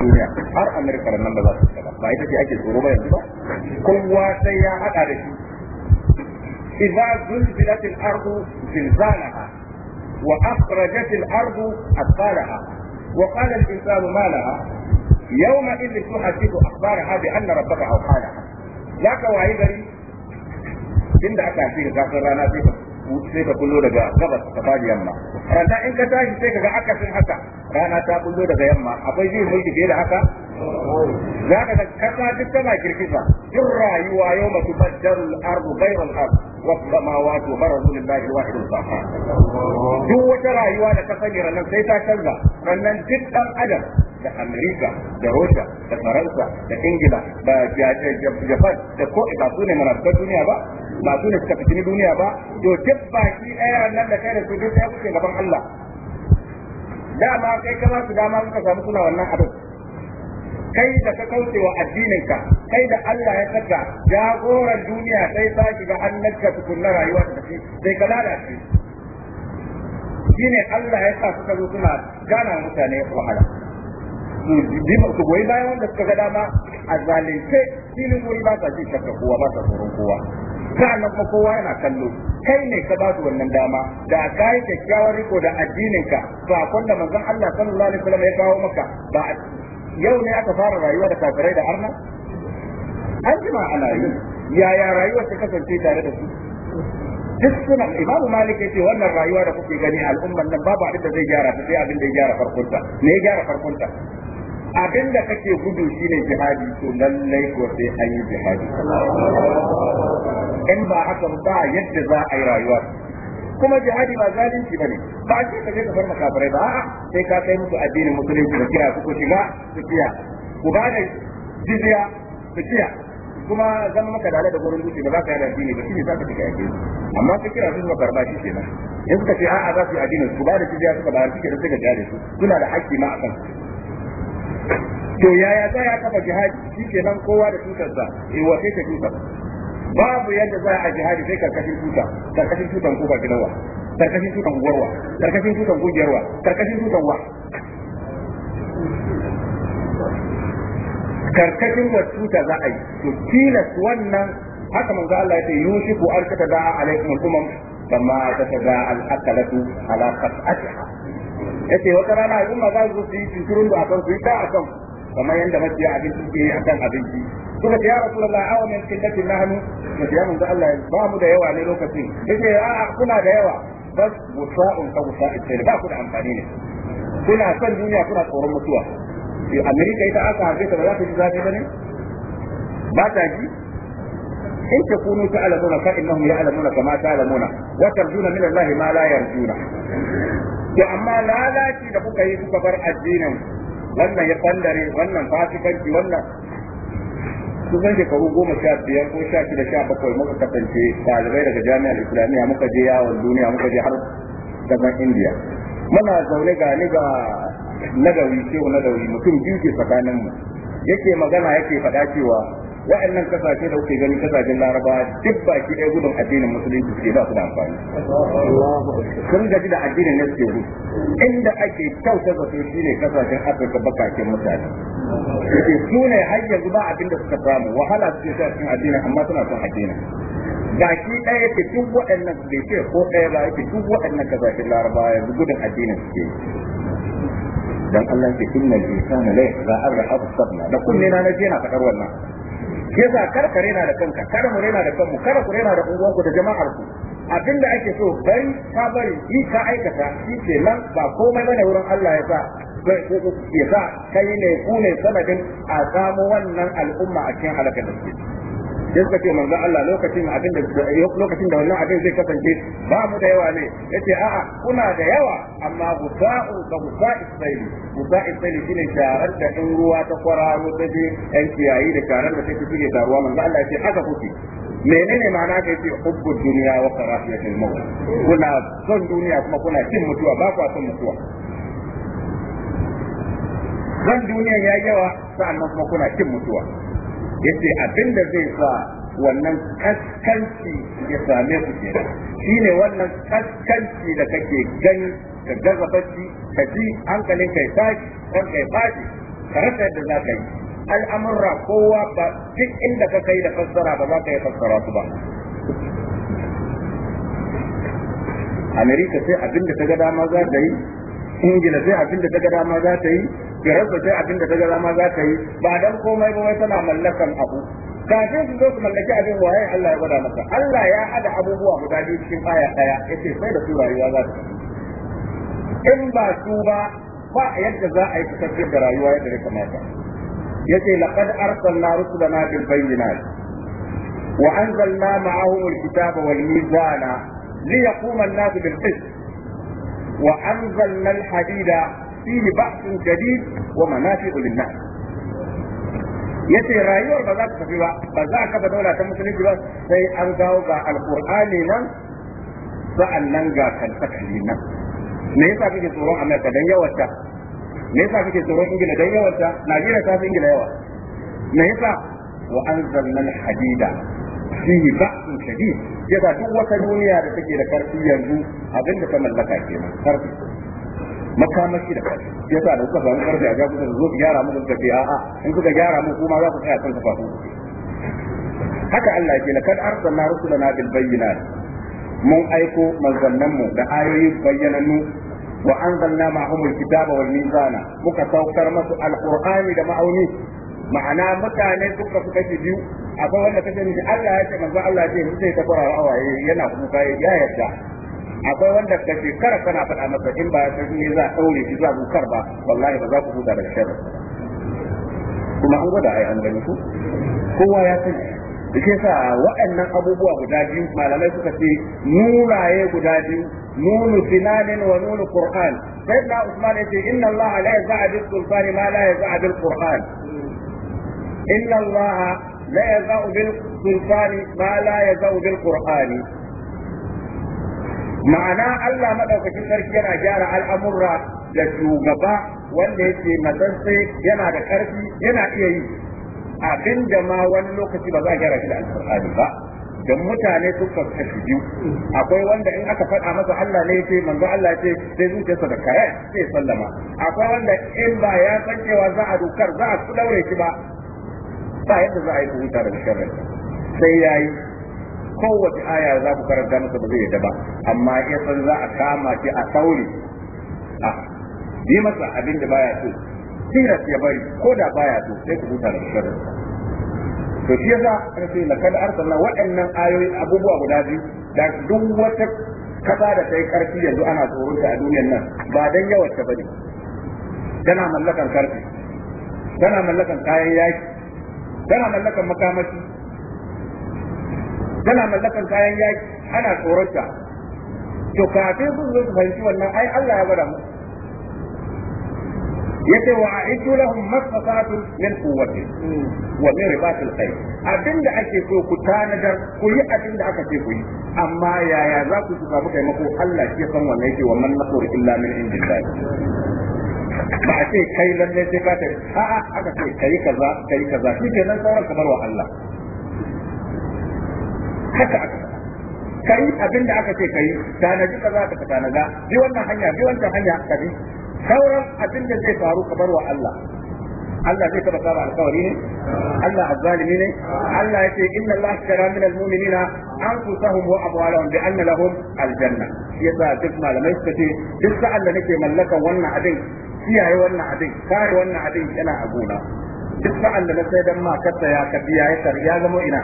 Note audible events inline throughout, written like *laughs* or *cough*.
duniya har amerika nan ba za su tsara ba ita ce ake tsoro ba yanzu ba kowa sai ya hada da shi idza zulzilat al-ardu zilzalaha wa akhrajat al-ardu athqalaha wa qala al-insanu ma laha yawma idh tuhadithu akhbaraha bi anna rabbaka awhalaha zaka wayi gari inda aka fi zafin rana sai ka sai ka kullo daga gabas ta fadi yamma rana in ka tashi sai ka ga akasin haka rana ta kullo daga yamma akwai zai mulki fiye da haka za ka kasa duk tana girgiza duk rayuwa yau ma tubaddaru al-ardu ghayra al-ard wa samawati barazu lillahi al-wahid al-qahhar duk wata rayuwa da ka sani ranan sai ta canza ranan duk dan adam da Amerika da Rusha da Faransa da Ingila da Japan da ko ita su ne marabtar duniya ba ba su ne suka fitini duniya ba to duk baki ɗaya nan da kai da su duk ɗaya kuke gaban Allah dama kai ka ba su dama suka samu suna wannan abin kai da ka kaucewa addininka kai da Allah ya saka jagoran duniya sai ga shiga annabka tukunna rayuwa ta tafi sai ka lalace shine Allah ya sa suka zo suna gana mutane wahala su goyi bayan wanda suka ga dama a zalince filin wuri ba sa jin shakka kowa ba sa tsoron kowa sa'annan kuma kowa yana kallo kai ne ka ba su wannan dama da yi kyakkyawar riko da addininka sakon da manzon Allah sallallahu alaihi wasallam ya kawo maka ba yau ne aka fara rayuwa da kafirai da arna an jima ana yi yaya rayuwa ta kasance tare da su duk suna imam malik yace wannan rayuwa da kuke gani al'umman nan babu abin da zai gyara ta sai abin da ya gyara farkonta ne ya gyara farkonta abin da kake gudu shine jihadi to lallai ko sai an yi jihadi in ba haka ba yadda za a yi rayuwa kuma jihadi ba zalunci bane ba a ce ka je ka farma kafirai ba a'a sai ka kai musu addinin musulunci da kira ko shiga su kiya ku ba da jizya su kiya kuma zama maka da da gurin dutse ba za ka yi addini ba shine za ka shiga yake amma ka kira su zuwa karba shi kenan in suka ce a'a za su yi addinin su ba da jizya suka ba suke da suka jare su suna da haƙƙi ma akan to yaya za ya kafa jihadi shi kenan kowa da sa eh wa sai ka tutar babu yadda za a jihadi sai karkashin tuta karkashin tutan ba gidanwa karkashin tutan gwarwa karkashin tutan gugiyarwa karkashin tutan wa karkashin wa tuta za a yi to tilas wannan haka manzo Allah ya ce yushiku arkata da alaikum al-umam kama ta da'a al-akalatu ala qat'atiha yace wata rana al'umma za su yi tunturun da akan su yi ta akan kamar yadda maciya abinci suke yi akan abinci suka ce ya rasu rasulullah awa min hannu nahnu nace ya da Allah ba mu da yawa ne lokacin yace a'a kuna da yawa bas wusa'un ka wusa'i sai ba ku da amfani ne kuna son duniya kuna tsoron mutuwa Amerika ita aka harbe ta ba za ta ji zafi ba ne ba ta ji إن تكونوا تعلمون فإنهم يعلمون كما تعلمون وترجون من الله ما لا يرجون to amma lalaci da kuka yi kuka bar addinin wannan ya fandare wannan fasikanci wannan zan shekaru goma sha biyar ko sha shida sha bakwai muka kasance ɗalibai daga jami'ar islamiyya muka je yawon duniya muka je har daga indiya muna zaune ga ni ga nagawi cewa nagari mutum biyu ke tsakanin mu yake magana yake faɗa cewa wa'annan kasashe da kuke gani kasashen laraba duk baki ɗaya gudun addinin musulunci suke ba su da amfani sun gaji da addinin na suke gudu inda ake kyauta zato shi ne kasashen afirka bakakin mutane su ne har yanzu ba abin da suka samu wahala suke sa cikin addinin amma suna son addinin baki ɗaya yake duk waɗannan bai ce ko ɗaya ba yake duk waɗannan kasashen laraba yanzu gudun addinin suke dan Allah ke kunna innal insana la yaghra ar-rahab sabna da kunne na je na fadar wannan yasa kar ka rena da kanka kar mu rena da kanmu kar ku rena da unguwanku da jama'ar ku abin da ake so bari ka bari shi ka aikata shi ke nan ba komai bane wurin Allah ya sa ya sa kai ne ku ne sanadin a samu wannan al'umma a cikin halakar da sai suka ce manzo Allah lokacin abin da lokacin da wannan abin zai kasance ba mu da yawa ne yace a'a kuna da yawa amma gusa'u ka gusa'i sai gusa'i sai shine sharar da in ruwa ta kwararo ta je yan kiyayi da sharar da take fige da ruwa manzo Allah yace haka kuke menene ma'ana ka yace hubbu dunya wa karahiyatul maut kuna son duniya kuma kuna cin mutuwa ba ku son mutuwa zan duniya ya yawa sa'annan kuma kuna cin mutuwa yace abin da zai sa wannan kaskanci ya same ku shi shine wannan kaskanci da kake gani ka gaza bacci ka ji hankalin kai tashi kan kai fashi ka rasa yadda za ka yi al'amurra kowa ba duk inda ka kai da fassara ba za ka yi fassara su ba amerika sai abin da ta ga dama za ta yi ingila sai abin da ta ga dama za ta yi ya rasa sai abin da ta ga ma za ta yi ba dan komai ba wai tana mallakan abu kafin su zo su mallaki abin waye Allah ya gwada maka Allah ya hada abubuwa guda biyu cikin aya daya yace sai da su rayuwa za ta in ba su ba ba yadda za a yi tafiyar da rayuwa yadda ya kamata yace laqad arsalna rusulana bil bayyinat wa anzalna ma'ahum al-kitaba wal mizana ليقوم الناس بالقسط وأنزلنا الحديد fihi ba'sun shadid wa manafi'u lin-nas yace rayuwar ba za ta tafi ba ba za ka ba daula ta musulunci ba sai an gawo ga Alƙur'ani nan sa'annan ga kalfakalli nan me yasa kake tsoron Amerika don yawarta me yasa kake tsoron Ingila don yawarta Najeriya ta fi Ingila yawa me yasa wa anzalna al-hadida ba ba'sun shadid yasa duk wata duniya da take da karfi yanzu abin da ta mallaka kenan karfi makamashi da kai yasa da suka samu karfi a ga kuka zo ku gyara muku a a'a in suka gyara mu kuma za ku tsaya kan kafafu haka Allah ke ce laqad arsalna rusulana bil bayyinat mun aiko mu da ayoyin bayyanannu wa anzalna ma'ahum al-kitaba wal mizana muka saukar masu al-qur'ani da ma'auni ma'ana mutane suka suka ce biyu akwai wanda kace ni Allah ya ce manzo Allah ya ce sai ta fara awaye yana kuka ya yarda akwai wanda ka shekara kana faɗa masa in ba ta ne za a ɗaure shi za a bukar ba wallahi ba za ku huta daga sharri kuma an gwada ai an gani ku kowa ya sani da ke sa waɗannan abubuwa guda biyu malamai suka ce nuraye guda biyu nunu sinanin wa nunu qur'an sai na usman yace inna allah la a bil sultani ma la yaza'a bil qur'an inna allah la yaza'a bil sultani ma la yaza'a bil qur'ani ma'ana Allah madaukakin sarki yana gyara al'amurra da shugaba wanda yake matsantsi yana da karfi yana iya yi abin da ma wani lokaci ba za a gyara shi da alƙur'ani ba dan mutane sun kasu biyu akwai wanda in aka faɗa masa Allah ne yake manzo Allah ce sai zuciyarsa da kare sai sallama akwai wanda in ba ya san cewa za a dokar za a daure shi ba ba yadda za a yi huta daga sharri sai yayi kowace aya za ku karanta masa ba zai yadda ba amma ya san za a kama shi a sauri a yi masa abin da baya so tilas ya bari ko da baya so sai ku huta da shirin to shi yasa aka ce lakad arsalna waɗannan ayoyi abubuwa guda biyu da duk wata kasa da ta yi karfi yanzu ana tsoron a duniyar nan ba dan yawan ta bane tana mallakan karfi tana mallakan kayan yaki tana mallakan makamashi tana mallakan kayan yaki ana tsoronta to kafin sun zo su fahimci wannan ai Allah ya gwada mu yace wa a'idu lahum masfatatun min quwwati wa min al khayr abinda ake so ku tanadar ku yi abinda aka ce ku yi amma yaya za ku samu taimako Allah shi san wannan yake wa man nasur illa min indillah ba a ce kai lalle sai ka ta a'a aka ce kai kaza kai kaza shi ke nan sauran kamar wa Allah haka aka kai abin da aka ce kai tanaji kaza ka tanaza bi wannan hanya bi wannan hanya ka bi sauran abin da zai faru ka bar wa Allah Allah zai taba saba alƙawari ne Allah azzalimi ne Allah yace inna Allah shara min almu'minina anfusahum wa amwalahum bi anna lahum aljanna yasa duk malamai suka ce duk sa'an da nake mallaka wannan abin kiyaye wannan abin kare wannan abin yana a gona duk sa'an sai dan ma ka ya kabi ya sar ya zama ina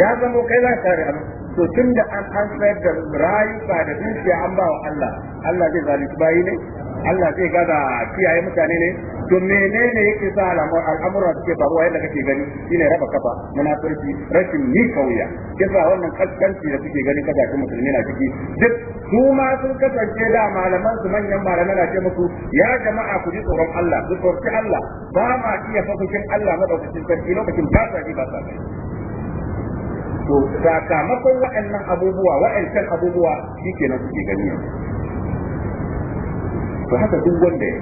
ya zama kai za ka rabu to tun da an an sayar da rayuka da dukiya an ba wa Allah Allah zai zalunci bayi ne Allah zai gada kiyaye mutane ne to menene yake sa al'amuran suke faruwa yadda kake gani shine raba kafa munafurci rashin ni kauya kisa wannan kaskanci da suke gani kasashen musulmi na ciki duk su ma sun kasance da malaman su manyan malaman na ce musu ya jama'a ku ji tsoron Allah ku tsorci Allah ba ma iya fakushin Allah madaukakin sarki lokacin ba sa ba sa to sakamakon waɗannan abubuwa waɗancan abubuwa shikenan suke gani to haka duk wanda ya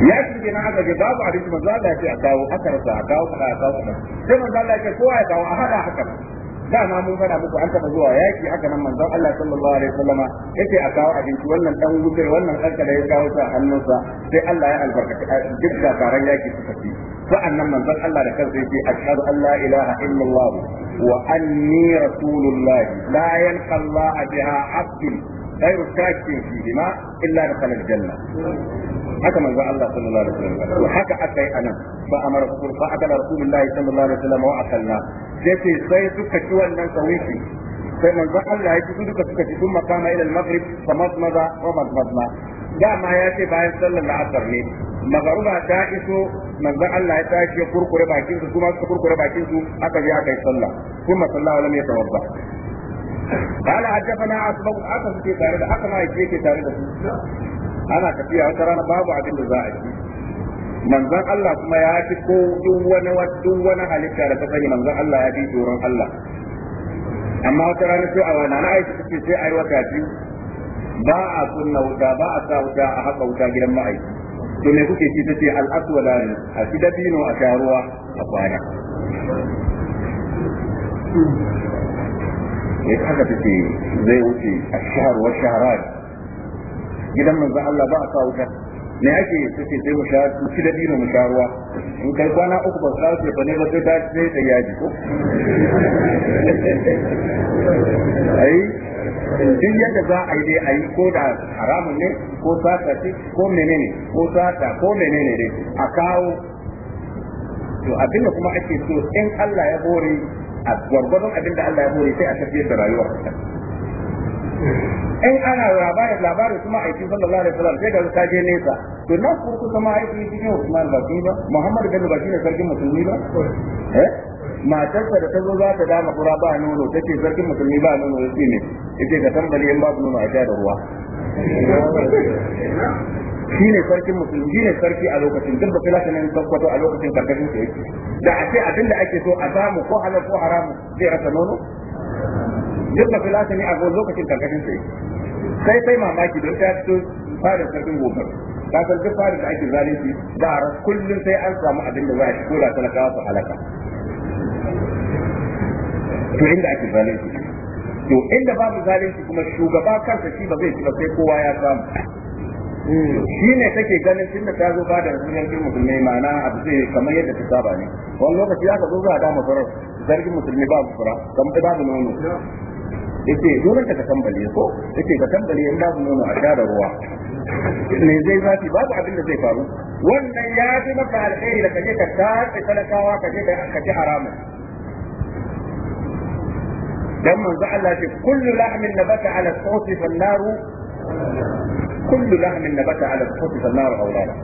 ya ci ke na aka ga babu abinci manzo Allah ya ce a kawo aka rasa a kawo kaza a kawo kaza sai manzo Allah ya ce kowa ya kawo a hada haka Da dama mun fada muku an taba zuwa yaki haka nan manzon Allah sallallahu alaihi wasallama yace a kawo abinci wannan dan wutar wannan kanka da ya kawo sa hannunsa sai Allah ya albarkaci duk kafaran yaki suka fi sa'annan manzon Allah da kansa yace ashhadu an la ilaha illallah wa anni rasulullah la yanqa Allah biha abdin ghairu shakin fi bima illa da kalal janna haka manzo Allah sallallahu alaihi wasallam to haka akai anan fa amara rasul fa akala rasulullahi sallallahu alaihi wasallam wa akalna sai sai suka ci wannan kawiki sai manzo Allah ya ci duka suka ci kuma kama ila al-maghrib fa mazmaza wa mazmazna dama ya ce bayan sallar la'asar ne magaruba ta iso manzo Allah ya tashi ya kurkure bakin su kuma suka kurkure bakin su aka je sallah kuma sallallahu قال حدثنا أسبق أكثر في تاريخ أكثر ما يجيك تاريخ أنا كفية وترى أنا بابو عبد الزائد manzon Allah kuma ya fi ko duk wani duk wani halitta da ta sani manzon Allah ya fi tsoron Allah amma wata rana sai a wani aisha ta ce sai ai wata biyu ba a kunna wuta ba a sa wuta a haka wuta gidan ma'aiki to me kuke ci tace al-aswada a ci dabino a sharuwa a kwana ya yasa aka tace zai wuce a shahar wa shaharar gidan manzon Allah ba a sa wuta ne ake tace sai mu sha ci da dino mu shaharwa. in kai kwana uku ba sa su ba ne ba sai ta sai ta yaji ko *laughs* ai duk yadda za a yi dai a yi ko da haramun ne ko sata ce ko menene ko sata ko menene dai a kawo to abinda kuma ake so in Allah ya bore a gwargwadon abin da Allah ya hore sai a tafiyar da rayuwa in ana labarin labarin kuma aiki sallallahu alaihi wasallam sai ga ta je nesa to na ko kuma ma aiki cikin Usman ba ba Muhammad bin Bashir ne sarkin musulmi ba eh matarsa da ta zo za ta dama kura ba nono ta ce sarkin musulmi ba nono ya ce ne ya ce ka tambali in babu nono a da ruwa shi ne sarkin musulmi shi ne sarki a lokacin duk ba filata ne kwato a lokacin karkashin su yake da a ce abin da ake so a samu ko halal ko haramu zai rasa nono duk ba filata ne a lokacin karkashin su yake sai sai mamaki don ta fito fara sarkin gobe ka san duk fara da ake zalunci da kullum sai an samu abin da za a fito da talakawa su halaka to inda ake zalunci to inda babu zalunci kuma shugaba kansa shi ba zai shiga sai kowa ya samu shi ne take ganin tun da ta zo ba da zargin musulmi ma'ana abu zai kamar yadda ta saba ne wani lokaci aka zo za a dama farar zargin musulmi ba babu fura kamar babu nono yace dole ka tambaye ko yace ka tambaye in babu nono a sha da ruwa me zai zafi babu abin da zai faru wannan ya fi maka alheri da ka kaje ka tace talakawa kaje ka ka ci haramun dan manzo Allah ce kullu lahmin nabata ala sawti fan naru kullu lahmin nabata ala al-khubz an-nar awlada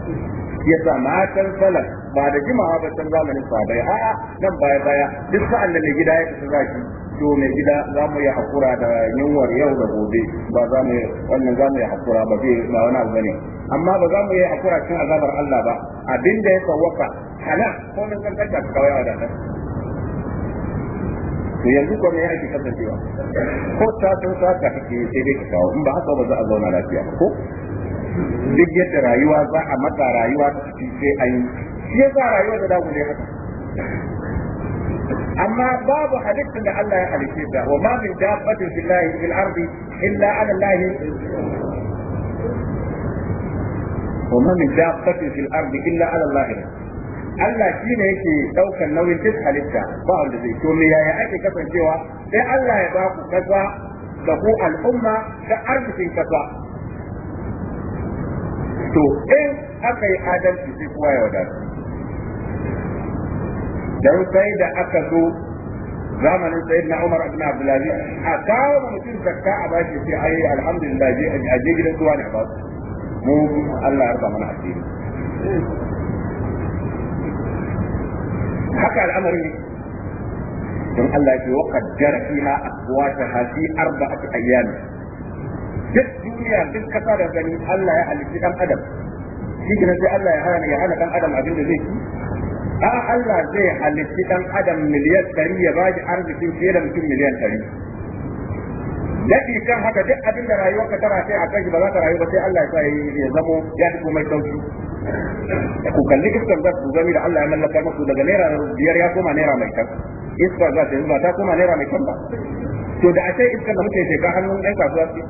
yasa matan salaf ba da jimawa ba san zamanin sahabbai a nan baya baya duk sa'an da mai gida ya tafi zaki to mai gida za mu yi hakura da yunwar yau da gobe ba za mu wannan za mu yi hakura ba zai ba wani abu bane amma ba za mu yi hakura cikin azabar Allah ba abinda ya sawwaka halal ko nan kan ka kawai wadatar to yanzu ko me yake kasancewa ko ta to ta ka kike sai dai kawo in ba haka ba za a zauna lafiya ko duk yadda rayuwa za a mata rayuwa ta ci sai an shi yasa rayuwa da dagu ne haka amma babu halittar da Allah ya halice ta wa ma min dabbatin fillahi fil ardi illa ala Allah wa ma min dabbatin fil ardi illa ala Allah Allah shi ne yake ɗaukar nauyin duk halitta ba wanda zai to me yaya ake kasancewa sai Allah ya ba ku kasa da ku al'umma da arzikin kasa to in aka yi adalci sai kowa ya wadatu dan sai da aka zo zamanin sayyid na Umar ibn Abdulaziz a kawo mutum zakka a bashi sai ai alhamdulillah je a je gidan zuwa ne ba mu Allah ya rufa mana asiri haka al'amari ne don Allah ya ce wa a fiha aqwataha arba arba'ati ayyam duk duniya duk kasa da gani Allah ya halitta dan adam shi ne sai Allah ya hana ya hana dan adam abin da zai yi? a Allah zai halitta dan adam miliyan 100 ya baji arzikin fiye da mutum miliyan 100 nafi kan haka duk abin da rayuwarka ta rafe a kai ba za ta rayu ba sai Allah ya sa ya zamo ya fi komai sauki ku kalli iskar za su gani da Allah ya mallaka musu daga naira biyar ya koma naira mai kan iskar za ta yanzu ba ta koma naira mai kan ba to da a ce iskar da muke shekar hannun ɗan kasuwa ce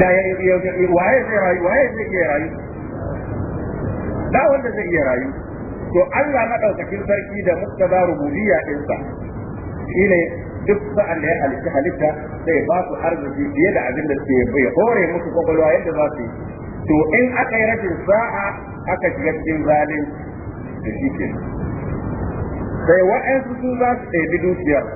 da ya waye zai rayu waye zai iya rayu ba wanda zai iya rayu to Allah madaukakin sarki da muktaba rububiyya dinsa shine duk sa'an da ya halitta halitta sai ba su arziki fiye da abin da suke bai hore musu kokolwa yadda za su yi to in aka yi rashin sa'a aka shiga cikin zalin da shi ke sai wa'ansu su za su ɗebi dukiyar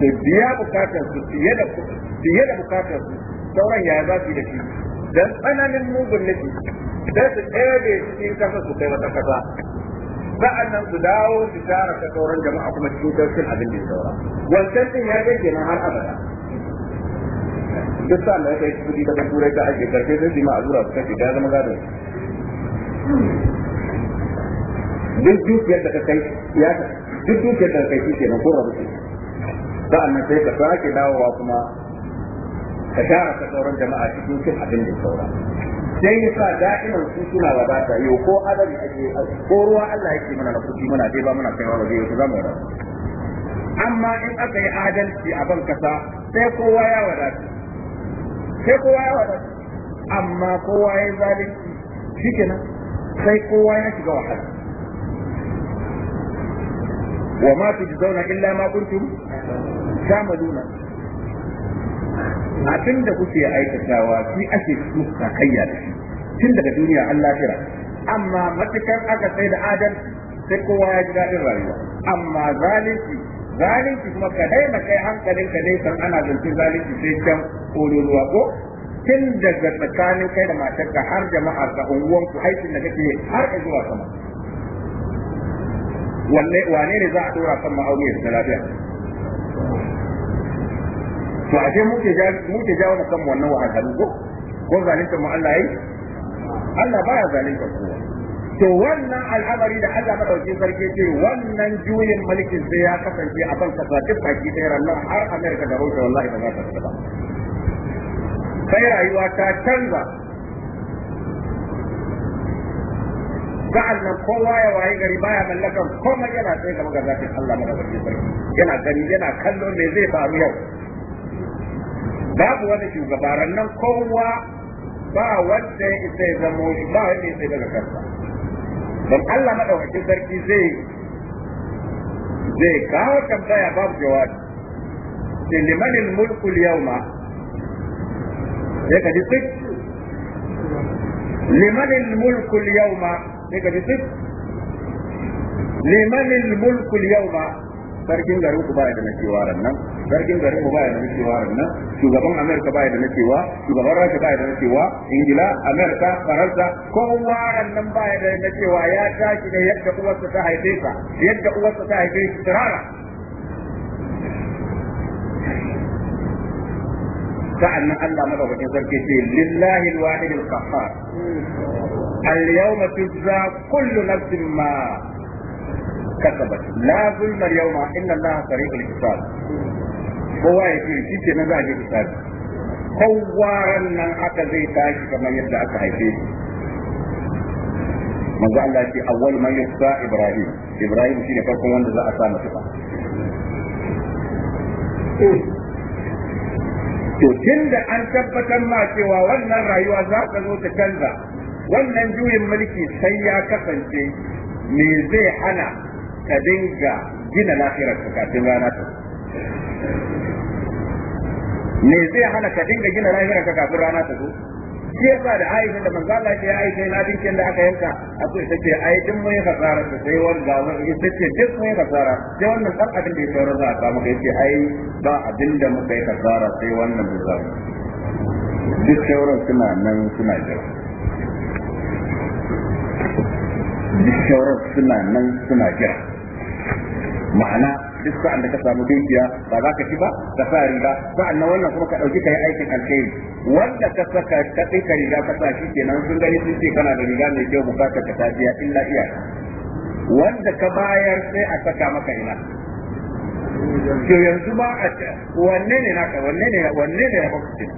su biya bukatar su fiye da bukatar su sauran yaya za su yi da shi dan tsananin mugun nufi بس هذه في كذا سوتي وتكذا بعد أن تداو تجارة كتورا جماعة مجدودة في الحديد الدورة والكثير هذا جماعة أبدا جسال لا يجب أن تكون كورا جاهزة كثيرا في معذورة كثيرا هذا مقادر جدو كذا كثيرا جدو كذا كثيرا جدو كذا كثيرا بعد أن تكون كورا جماعة كتورا جماعة مجدودة في الحديد الدورة sai ya sa da'iman su suna wadata yau ko adabi ake ko ruwa Allah yake mana na kuɗi muna dai ba muna kaiwa waje yau zamu wadata amma in aka yi adalci a ban kasa sai kowa ya wadata sai kowa ya wada. amma kowa ya zalunci nan sai kowa ya shiga wahala wa ma tujzauna illa ma kuntum ta'maluna abin da kuke aikatawa shi ake muku kayya da shi tun daga duniya Allah lafira amma matukar aka sai da Adam sai kowa ya ji daɗin rayuwa amma zalunci zalunci kuma ka daina kai hankalin ka dai san ana zance zalunci sai can kololuwa ko tun daga tsakanin kai da matarka har jama'ar ka ku aikin da kake har ka zuwa sama wanne ne za a dora kan ma'auni da lafiya to a ce muke jawo da kanmu wannan wahalhalu ko ko zalunta mu Allah yi Allah baya zalunta kowa to wannan al'amari da Allah madauki sarki ce wannan juyin mulkin sai ya kasance a kan kasa duk da ɗaya nan har Amerika da Russia wallahi ba za ta tsaya ba sai rayuwa ta canza sa'an nan kowa ya waye gari baya mallakan komai yana tsaye gaba ga zafin Allah madaukakin sarki yana gani yana kallon me zai faru yau babu wani shugabaran nan kowa ba wanda ya isa ya zamo ba wanda ya isa daga kansa don Allah madaukakin sarki zai zai kawo tambaya babu jawabi ce limanin mulku yawma sai ka ji tsik limanin mulku yawma sai ka ji tsik limanin mulku yawma sarkin garin ku ba da na cewa nan sarkin garin mu baya da nacewa nan shugaban amerika baya da nacewa shugaban rasha baya da nacewa ingila amerika faransa kowa nan baya da nacewa ya tashi da yadda uwarsa ta haife sa yadda uwarsa ta haife shi tsirara sa'annan Allah madaukakin sarki ce lillahi alwahid alqahhar اليوم تجزى كل نفس ما كسبت لا ظلم اليوم ان الله سريع الحساب kowa ya ce shi nan za a je hisabi kowa nan haka zai tashi kamar yadda aka haife shi manzo Allah ya ce awwal man yusa ibrahim ibrahim shine farkon wanda za a sa masa to da an tabbatar ma cewa wannan rayuwa za ta zo ta canza wannan juyin mulki sai ya kasance me zai hana ka dinga gina lafiyar kafin rana ta me zai hana ka dinga gina lafiyar ka kafin rana ta zo shi yasa da Aisha da manzo Allah ya Aisha na dinkin da aka yanka a sace ai din mai kasara da sai ga wani ita ce duk mai kasara sai wannan dan abin da ya sauran za a samu kai ce ai ba abin da mu yi kasara sai wannan bizar duk sauran suna nan suna jira duk sauran suna nan suna jira ma'ana duk sa'an da ka samu dukiya ba za ka ci ba da sa riga sa'an nan wannan kuma ka dauki kai aikin alkhairi wanda ka saka ka dinka riga ka sa shi kenan sun gani sun ce kana da riga mai kyau bukatar ka ta biya illa iya wanda ka bayar sai a saka maka ina to yanzu ba a wanne ne naka wanne ne wanne ne makwabcin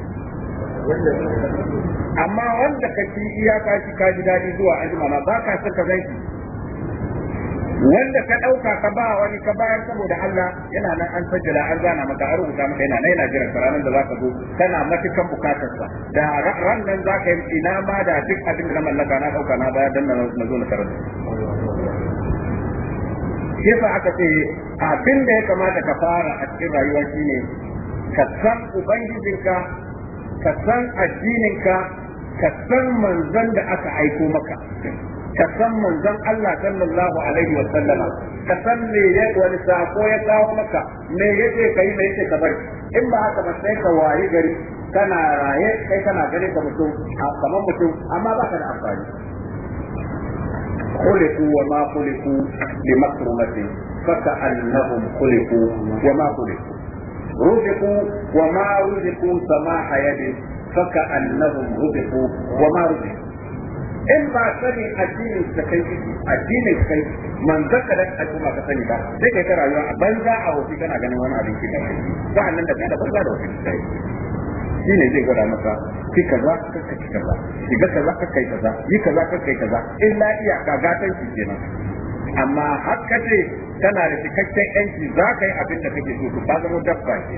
amma wanda ka ci iya ka ci ka ji daɗi zuwa azumana ba ka son ka zanki wanda ka ɗauka ka ba wani ka bayar saboda Allah yana nan an sajjala an zana maka an rubuta maka yana nan yana jiran ka ranar da za ka zo kana matukan bukatar sa da ran nan za ka yi ina ma da duk abin da na mallaka na ɗauka na bayar dan na zo na karanta yasa aka ce abin da ya kamata ka fara a cikin rayuwa shine ka san ubangijinka ka san addininka ka san manzon da aka aiko maka ka san manzon Allah sallallahu alaihi wa sallama ka san me ya wani sako ya kawo maka me yake kai me yake ka bari in ba haka ba sai ka wayi gari kana raye kai kana gari ka mutum kamar mutum amma ba ka da amfani خلقوا وما خلقوا لمكرمة فكأنهم خلقوا وما خلقوا رزقوا وما رزقوا سماح يد فكأنهم رزقوا وما رزقوا in ba sani addinin ka kai addinin kai manzon ka dan al'umma ka sani ba sai kai ta rayuwa a banza a wofi kana ganin wani abin ki da kai sa'an nan da kai da banza da wofi kai shi ne zai gwada maka ki kaza ka kai kaza ki ga kaza ka kai kaza yi kaza ka kai kaza illa iya ka gatan ki kenan amma har ka ce kana da cikakken yanki za ka yi abin da kake so ka zama dabba ke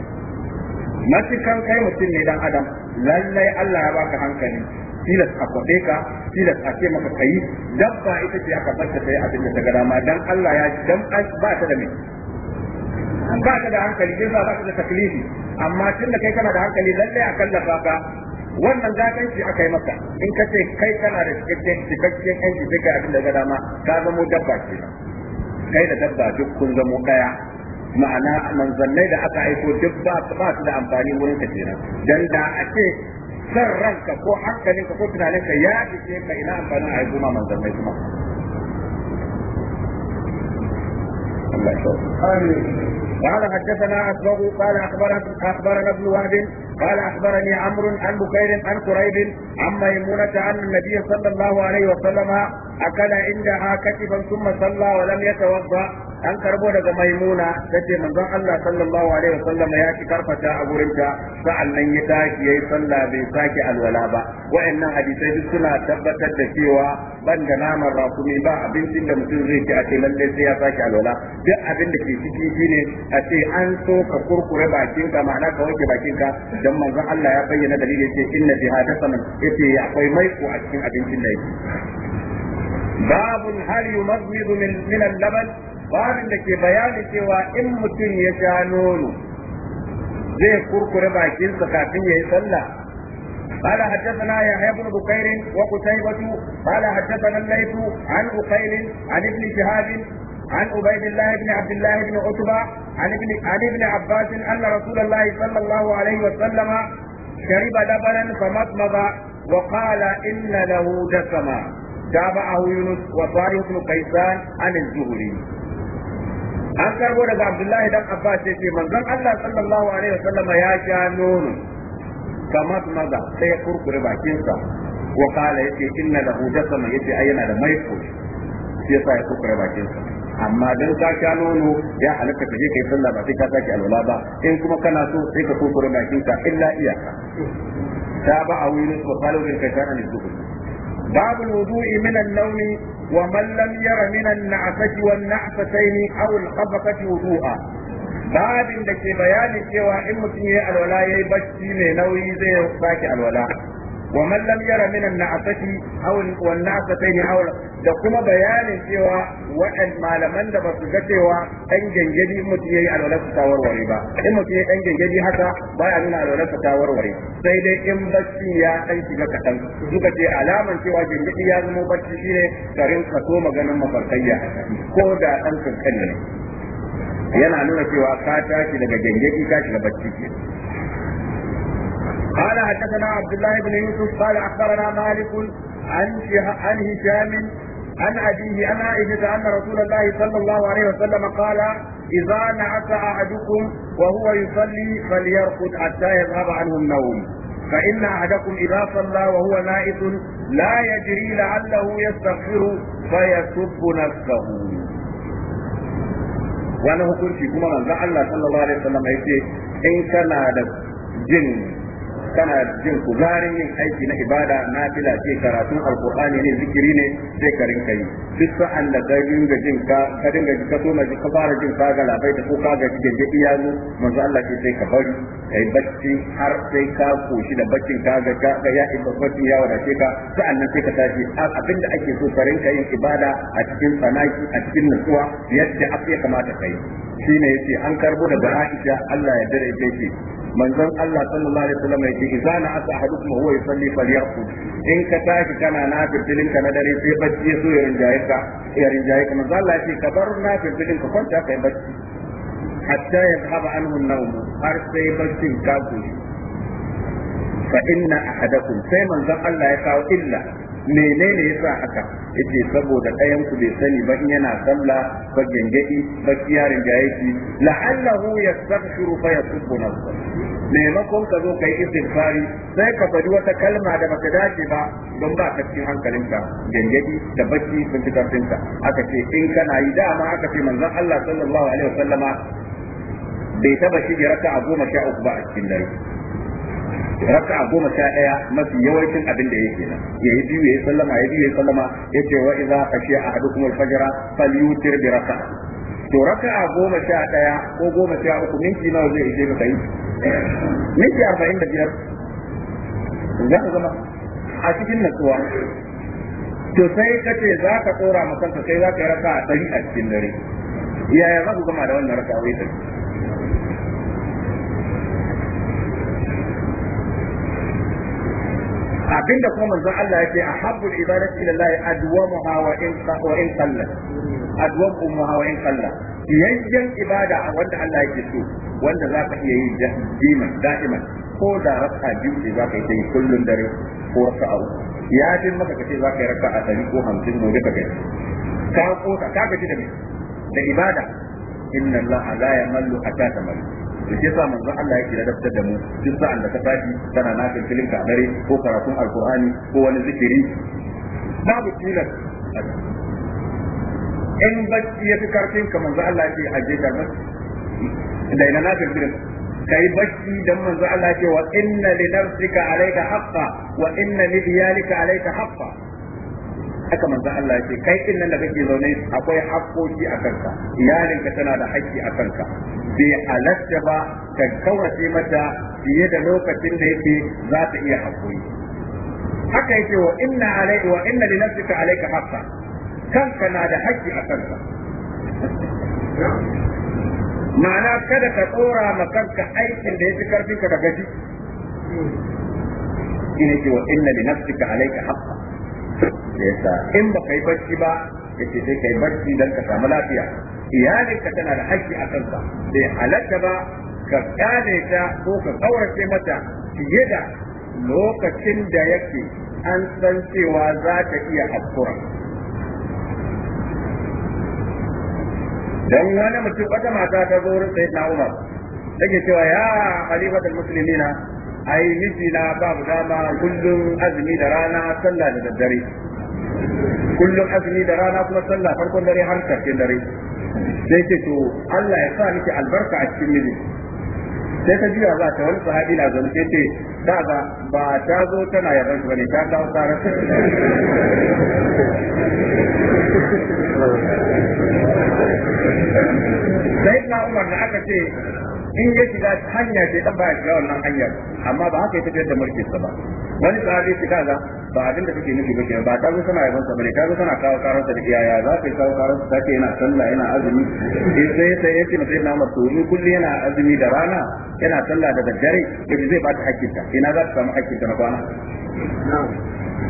matukan kai mutum ne dan adam lallai Allah ya baka hankali tilas a kwaɗe ka tilas a ce maka kayi dabba ita ce aka barta ta yi abin da ta dama dan Allah ya dan ba ta da mai ba ta da hankali sai ba ta da taklifi amma tun da kai kana da hankali lallai a kalla ka wannan gatanci aka yi maka in ka ce kai kana da cikakken cikakken yanci sai ka abin da daga dama ka zamo dabba ce kai da dabba duk kun zamo ɗaya ma'ana manzannai da aka aiko duk ba su da amfani wurin ka kenan dan da ake san ranka ko hankalinka ko tunaninka ya fice ka ina amfanin a aiko ma manzannai kuma قال حدثنا أسبغ قال أخبرنا أخبرنا ابن وهب قال أخبرني عمرو عن بكير عن قريب عن ميمونة أن النبي صلى الله عليه وسلم أكل عندها كتفا ثم صلى ولم يتوضأ an karbo daga maimuna ta ce manzon Allah sallallahu alaihi wasallam ya ki karfata a ta gurinta sa'annan ya tashi yayi sallah bai sake alwala ba wa'annan hadisai duk suna tabbatar da cewa ban da naman rakumi ba abincin da mutum zai ci a ce lalle sai ya sake alwala duk abin da ke ciki shine a ce an so ka kurkure bakinka ma'ana ka wanke ka dan manzon Allah ya bayyana dalili yace inna fi hada sanan yace akwai ko a cikin abincin da yake babul hal yumazzidu min min al-laban babin da ke bayani cewa in mutum ya sha nono zai kurkure bakinsa kafin ya yi sallah قال حدثنا يحيى بن بكير وقتيبة قال حدثنا الليث عن بكير عن ابن شهاب عن عبيد الله بن عبد الله بن عتبة عن ابن عن ابن عباس أن رسول الله صلى الله عليه وسلم شرب لبنا فمضمض وقال إن له دسما تابعه يونس وصالح بن قيسان عن الزهري an karbo daga abdullahi dan abbas ya ce manzon allah sallallahu alaihi wasallama ya sha nono kamar maza sai ya kurkure bakinsa wa kala yace inna lahu jasama yace ai yana da maiko sai sa ya kurkure bakinsa amma dan ka sha nono ya halatta ka je kai sallah ba sai ka sake alwala ba in kuma kana so sai ka kurkure bakinka illa iyaka ta ba a wurin su kalu bin kai kana ne babu wudu'i min an ومن لم ير من النعفة والنعفتين أو الخبقة وضوءا babin da ke bayanin cewa in mutum ya alwala ya yi bacci mai nauyi zai sake alwala wa man lam yara min an-na'asati aw wan da kuma bayanin cewa wa'an malaman da su ga cewa dan gangadi mutum yayi alwala ta warware ba in mutum yayi ɗan gangadi haka baya nuna alwala ta warware sai dai in bacci ya dan shiga kadan suka ce alaman cewa gangadi ya zama bacci shine karin kaso maganin mafarkayya ko da ɗan kankani ne yana nuna cewa ka tashi daga gangadi ka shiga bacci ke. قال حدثنا عبد الله بن يوسف قال اخبرنا مالك عن عن هشام عن أبيه عن عائشة أن رسول الله صلى الله عليه وسلم قال إذا نعس أحدكم وهو يصلي فليرقد حتى يذهب عنه النوم فإن أحدكم إذا صلى وهو نائس لا يدري لعله يستغفر فيسب نفسه wani hukunci kuma manzo Allah sallallahu alaihi wasallam ya ce in kana da jin kana jin kuzarin yin aiki na ibada na fila ce karatun alkur'ani ne zikiri ne sai ka rinka yi duk sa'an da ka dinga jin ka ka dinga ka so na ka fara jin ka ga labai da ko ka ga gaje iya zo manzo Allah ce sai ka bari kai bacci har sai ka koshi da baccin ka ga ka ya ibba bacci ya wadace ka sa'an nan sai ka tashi abinda ake so ka rinka yin ibada a cikin tsanaki a cikin nutsuwa yadda ake kamata kai shine yace an karbo daga Aisha Allah ya dare ta ce manzon Allah sallallahu alaihi wasallam ya yace idza na asa ahadukum huwa yusalli falyaqum in ka tashi kana na ka na dare sai bacci so ya rinjaye ka ya rinjaye ka manzo Allah yace ka bar na fitilin ka kwanta kai bacci hatta yadhhaba anhu an-nawm har sai baccin ka goshi fa inna ahadakum sai manzo Allah ya kawo illa menene yasa haka yace saboda ɗayan ku bai sani ba in yana sallah ba gengedi ba kiyarin da yake la'allahu yastaghfiru fa yasubbu nafsahu maimakon ka zo kai istighfari sai ka faɗi wata kalma da baka dace ba don ba ka cikin hankalinka gangadi da bacci sun fi karfinka aka ce in kana yi dama aka ce manzon Allah sallallahu alaihi wasallama bai taba shige raka a goma sha uku ba a cikin dare raka a goma sha ɗaya mafi yawancin abin da yake nan ya yi biyu ya yi sallama ya biyu ya yi sallama ya ce wa iza haɗu kuma fajira fal yutir bi raka'a to raka a goma sha ɗaya ko goma sha uku minti nawa zai ije ka yi minti arba'in da biyar za ka zama a cikin natsuwa to sai ka ce za ka tsora ma kanka kai za ka yi a ɗari a cikin dare yaya za ku gama da wannan raka wai tafi abinda kuma manzon Allah yake habbul ibadati ila Allah adwamuha wa in wa in adwan ummu wa Allah, qalla yayyan ibada wanda Allah yake so wanda za ka iya yi da'iman da'iman ko da raka biyu ce za ka yi kullun dare ko raka'a ya fi maka kace za ka yi a dari ko hamsin gobe ka gani ka kosa ka gaji da me da ibada inna Allah la yamallu hatta tamallu da ke sa manzon Allah yake ladabtar da mu duk sa da ka tashi kana na filin ka dare ko karatun alqur'ani ko wani zikiri babu tilas in bacci ya fi karfin ka manzo Allah ya ce aje ka ba da ina na tafi kai bacci dan manzo Allah ya ce wa inna li nafsika alayka haqqa wa inna li iyalika alayka haqqa haka manzo Allah ya ce kai din nan da kake zaune akwai haƙƙoƙi a kanka iyalinka tana da haƙƙi a kanka bai halatta ba ka kaurace mata fiye da lokacin da yake za ta iya haƙuri haka yake wa inna alai wa inna li nafsika alayka haqqa kanka na da haƙƙi a kanka ma'ana kada ka tsora ma kanka aikin da ya fi karfi ka gaji ina ce wa inna li nafsika alayka haqqa yasa in ba kai barci ba yace sai kai barci dan ka samu lafiya iyalinka tana da haƙƙi a kanka bai halatta ba ka kyale ta ko ka kaurace mata fiye da lokacin da yake an san cewa za ta iya haƙura dan wani mutum wata mata ta zo wurin na Umar take cewa ya khalifatul muslimina ai miji na babu dama kullum azumi da rana sallah da daddare kullum azumi da rana kuma sallah farkon dare har karshen dare sai ce to Allah ya sa miki albarka a cikin miji sai ta jiya za ta wani sahabi na zaune sai ce da ba ba ta zo tana yaran ba ne ta kawo tsara sai na umar da aka ce in ya shiga hanya ce dan baya shiga wannan hanyar amma ba haka ya tafiyar da mulki sa ba wani sahabi shi kaza ba abin da kake nufi kake ba ta zo sana yaban sa bane ta zo sana kawo karar sa da iyaya za ka kawo karar sa take yana sallah yana azumi sai sai yace mutum na masu ni kulli yana azumi da rana yana sallah da daddare yaji zai ba ta hakkinta ina za ta samu hakkinta na kwana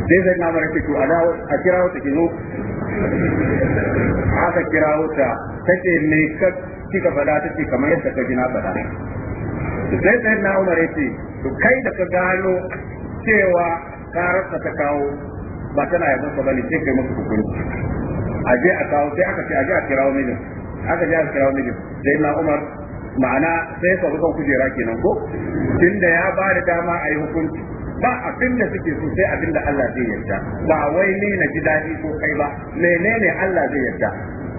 sai sai na mara ce to a kira wata ta ki zo aka kirawo ta take me ka kika fada ta ce kamar yadda ka ji na faɗa sai sai na umar yace to kai da ka gano cewa kararsa ta kawo ba tana yabon ka bane sai kai musu hukunci a je a kawo sai aka ce a je a kirawo mijin aka je a kirawo mijin sai na umar ma'ana sai ka kan kujera kenan ko tunda ya ba da dama a yi hukunci ba abin da suke so sai abin da Allah zai yarda ba wai ne na ji daɗi ko kai ba menene Allah zai yarda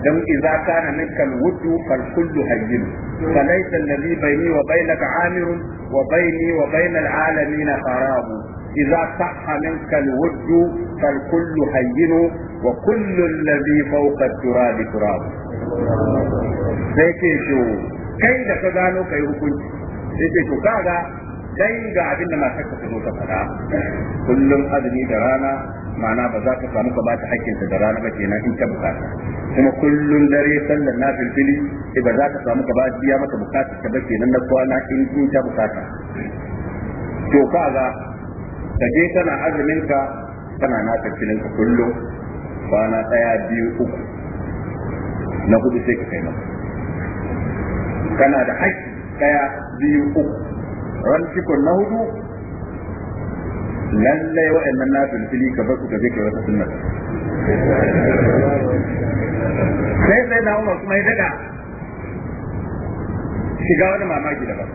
دم إذا كان منك الود فالكل هين فليس الذي بيني وبينك عامر وبيني وبين العالمين خراب إذا صح منك الود فالكل هين وكل الذي فوق التراب تراب سيكي شو كيف تدانو كي يكون سيكي شو كاغا دين قاعدين ما سكتوا كل أدني درانا ma'ana ba za ka samu ka bata ta da rana ba kenan in ta bukata kuma kullun dare sallar na filfili ba za ka samu ka ba biya maka bukata ta ba kenan na kwana in in ta bukata to ka ga ka je kana azumin ka kana na filfilin ka kullum kwana daya biyu uku na hudu sai ka kai maka kana da haƙƙi daya biyu uku ran cikon na hudu lallai wa'annan na filfili ka ba su ka je ka wata sunna sai sai na umar kuma ya daga shiga wani mamaki da daban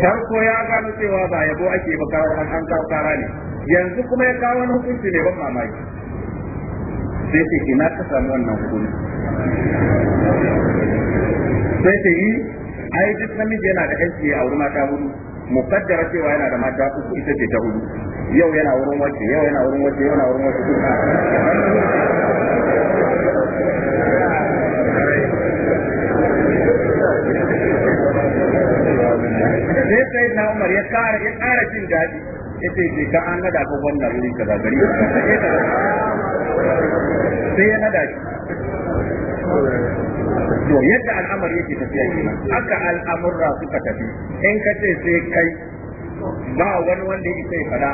farko ya gano cewa ba yabo ake ba kawo an an kawo kara ne yanzu kuma ya kawo wani hukunci ne ban mamaki sai ce ina ka samu wannan hukunci sai ce yi ai duk namiji yana da aiki a wurin mata hudu mukaddara cewa yana da mata uku ita ce ta hudu yau yana wurin wacce yau yana wurin wacce yau yana wurin wacce sai sai na umar ya kara jin daɗi ce to yadda al'amari yake tafiya kenan haka al'amurra suka tafi in ka ce sai kai ba wani wanda yake sai fada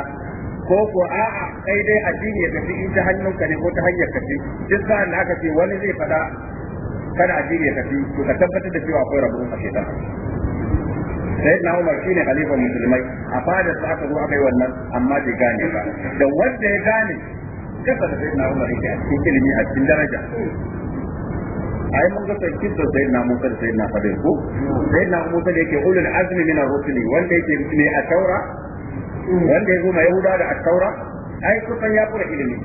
ko ko a'a kai dai addini ya tafi in ta ka ne ko ta hanyar ka duk da da ka ce wani zai fada kada addini ya tafi to ka tabbatar da cewa akwai rabu a shaitan sai na Umar shine khalifan musulmai a fada sa aka zo aka yi wannan amma bai gane ba da wanda ya gane kasa da sai na Umar yake ilimi a cikin daraja ai mun ga sarkin da sai na musa sai na fadin ko sai na musa da yake ulul azmi min ar-rusuli wanda yake ne a taura wanda ya mai yahuda da at-taura ai kan ya fura ilimi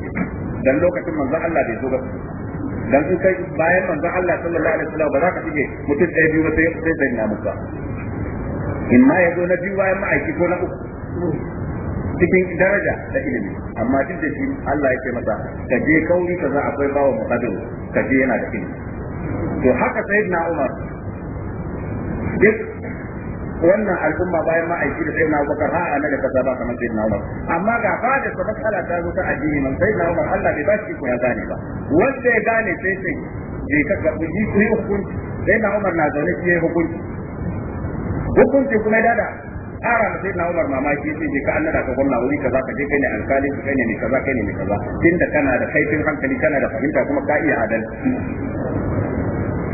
dan lokacin manzon Allah bai zo ba dan su kai bayan manzon Allah sallallahu alaihi wasallam ba za ka shige mutum sai biyu sai sai sai na musa in ma ya na biyu bayan ma'aiki ko na uku cikin daraja da ilimi amma duk da shi Allah yake masa ka je kauri kaza akwai bawa muqaddir ka je yana da ilimi to haka sayyidina Umar duk wannan al'umma bayan aiki da sayyidina Abubakar ha a da kasa ba kamar sayyidina Umar amma ga fada sa masala ta zo ta addini man sayyidina Umar Allah bai ba shi ko ya gane ba wanda ya gane sai sai je ka ga ku yi hukunci sayyidina Umar na zaune shi ya hukunci hukunci kuma dada ara da sai na Umar mamaki sai je ka annada ka gwamna wuri kaza ka je kai ne alkali kai ne kaza kai ne kaza tunda kana da kaifin hankali kana da fahimta kuma ka iya adalci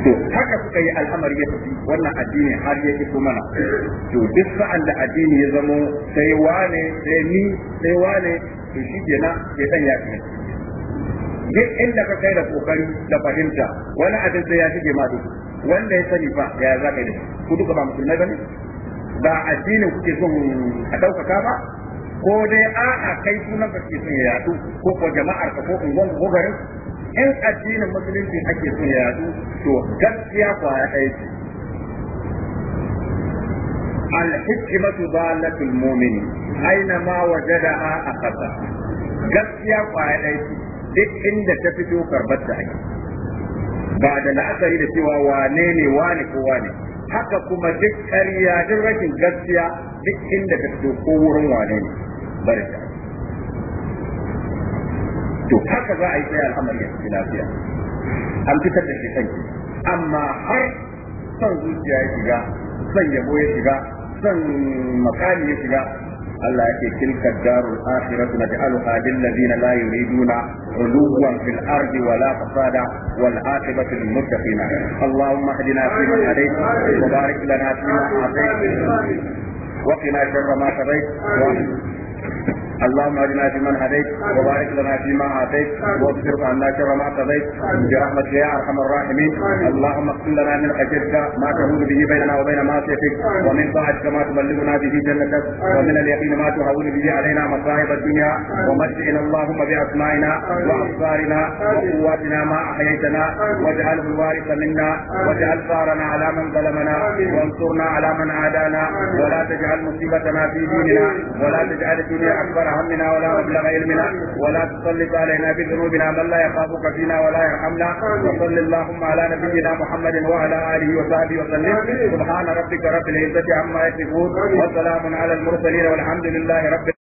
to haka suka yi al'amari ya tafi wannan addini har ya iso mana to duk sa'an da addini ya zamo sai wane sai ni sai wane to shi na ya dan ya fi duk inda ka kai da kokari da fahimta wani abin sai ya fi ma duk wanda ya sani fa ya za ka ku duka ba musulmai ne ba addinin kuke son a ɗaukaka ba ko dai a'a kai sunan ka ke son ya yadu ko ko jama'ar ka ko unguwan ko garin in addinin musulunci ake so ya yadu to gaskiya kwaya ɗaya ce alhikmatu dalatul mu'min aina ma a kasa gaskiya kwa ɗaya aiki duk inda ta fito karbar ta ake ba da la'asari da cewa wane ne wane ko wane haka kuma duk ƙarya duk rashin gaskiya duk inda ta fito ko wurin wane ne bari to haka za a yi tsaya al'amari ya fi lafiya an fitar da shi kanki amma har son zuciya ya shiga son yabo ya shiga son makami ya shiga Allah yake tilka darul akhiratu naj'aluha lil ladina la yuriduna uluwan fil ardi wala fasada wal aqibatu lil muttaqin Allahumma hdina fi man hadayt wa barik lana fi ma atayt وقنا شر ما قضيت اللهم في فيمن هديت وبارك لنا فيما اعطيت واغفر عنا شر ما قضيت برحمتك يا ارحم الراحمين اللهم اغفر لنا من اجرك ما تهون به بيننا وبين معصيتك ومن طاعتك ما تبلغنا به جنتك ومن اليقين ما تهون به علينا مصائب الدنيا ومتعنا اللهم باسمائنا وابصارنا وقواتنا ما احييتنا واجعله الوارث منا واجعل ثارنا على من ظلمنا وانصرنا على من عادانا ولا تجعل مصيبتنا في ديننا ولا تجعل الدنيا اكبر همنا ولا مبلغ علمنا ولا تسلط علينا بذنوبنا من لا يخافك فينا ولا يرحمنا وصل اللهم على نبينا محمد وعلى اله وصحبه وسلم سبحان ربك رب العزه عما يصفون وسلام على المرسلين والحمد لله رب